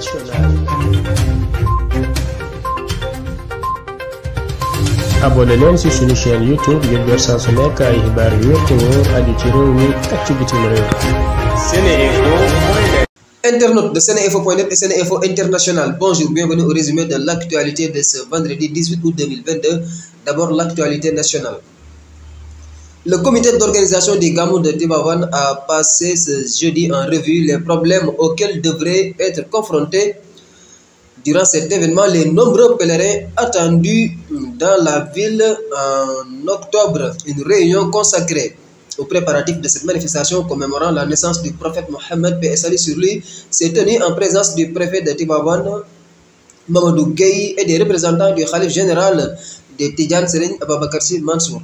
internationale. abonné leen ci suñu chaîne youtube ngir saa su nekk xibaar yu wér te wóor aju ci réew mi ak ci bitim réew. Internautes de seneinfo.net et Seneinfo International, bonjour, bienvenue au résumé de l'actualité de ce vendredi 18 D'abord, l'actualité nationale. Le comité d'organisation du Gamou de Timavan a passé ce jeudi en revue les problèmes auxquels devraient être confrontés durant cet événement les nombreux pèlerins attendus dans la ville en octobre. Une réunion consacrée aux préparatifs de cette manifestation commémorant la naissance du prophète Mohammed paix sur lui s'est tenue en présence du préfet de Timavan, Mamadou Gueye, et des représentants du Khalif général des Tidjane Serigne Ababakar Mansour.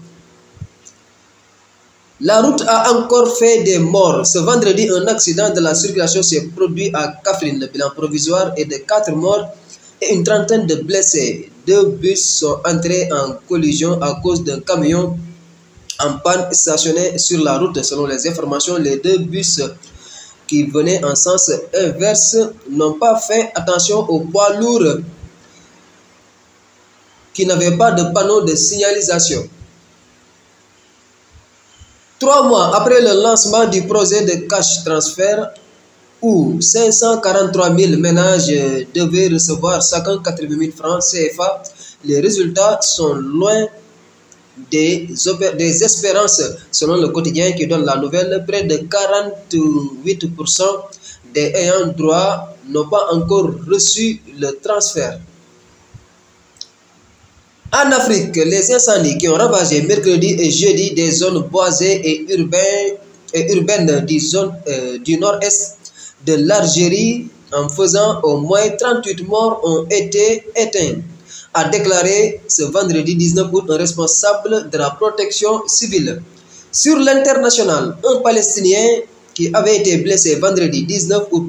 La route a encore fait des morts. Ce vendredi, un accident de la circulation s'est produit à Kafrine. Le bilan provisoire est de 4 morts et une trentaine de blessés. Deux bus sont entrés en collision à cause d'un camion en panne stationné sur la route. Selon les informations, les deux bus qui venaient en sens inverse n'ont pas fait attention au poids lourd qui n'avait pas de panneau de signalisation. Trois mois après le lancement du projet de cash transfert, où 543 000 ménages devaient recevoir chacun 80 000 francs CFA, les résultats sont loin des, des espérances. Selon le quotidien qui donne la nouvelle, près de 48% des ayants droit n'ont pas encore reçu le transfert. En Afrique, les incendies qui ont ravagé mercredi et jeudi des zones boisées et urbaines, et urbaines du, zone, euh, du nord-est de l'Algérie en faisant au moins 38 morts ont été éteints, a déclaré ce vendredi 19 août un responsable de la protection civile. Sur l'international, un Palestinien qui avait été blessé vendredi 19 août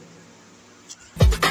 Thank you